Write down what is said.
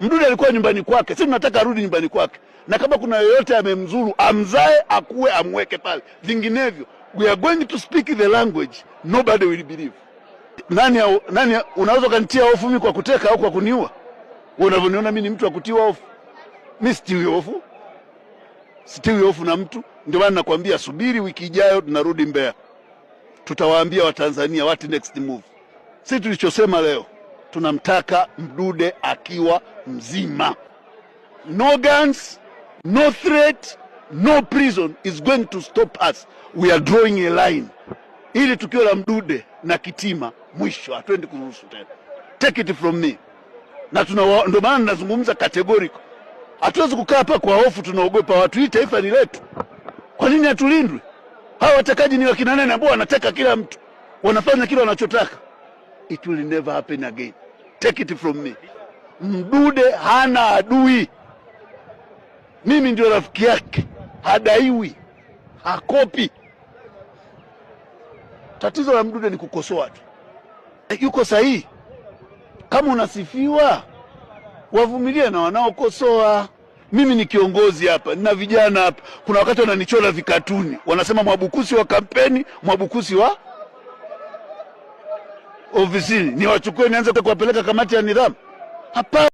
Mdude alikuwa nyumbani kwake, si tunataka arudi nyumbani kwake, na kama kuna yoyote amemzuru amzae, akuwe, amweke pale, vinginevyo we are going to speak the language nobody will believe. Nani, au nani unaweza kanitia hofu mimi kwa kuteka au kwa kuniua? Wewe unavyoniona mimi ni mtu wa kutiwa hofu? Mimi sitiwi hofu, sitiwi hofu na mtu. Ndio maana nakwambia subiri, wiki ijayo tunarudi Mbeya, tutawaambia Watanzania what next move. Sisi tulichosema leo tunamtaka Mdude akiwa mzima. No guns, no threat, no prison is going to stop us. We are drawing a line. Hili tukio la Mdude na Kitima mwisho, hatuendi kuruhusu tena. Take it from me. Na tuna ndio maana ninazungumza categorical. hatuwezi kukaa hapa kwa hofu, tunaogopa watu. Hii taifa ni letu, kwa nini hatulindwi? Hawa watekaji ni wakina nani ambao wanateka kila mtu, wanafanya kile wanachotaka? It will never happen again take it from me, Mdude hana adui, mimi ndio rafiki yake, hadaiwi, hakopi. Tatizo la Mdude ni kukosoa tu, eh, yuko sahihi. Kama unasifiwa wavumilie na wanaokosoa. Mimi ni kiongozi hapa, nina vijana hapa, kuna wakati wananichora vikatuni, wanasema Mwabukusi wa kampeni, Mwabukusi wa ofisini niwachukue nianze kuwapeleka kamati ya nidhamu? Hapana.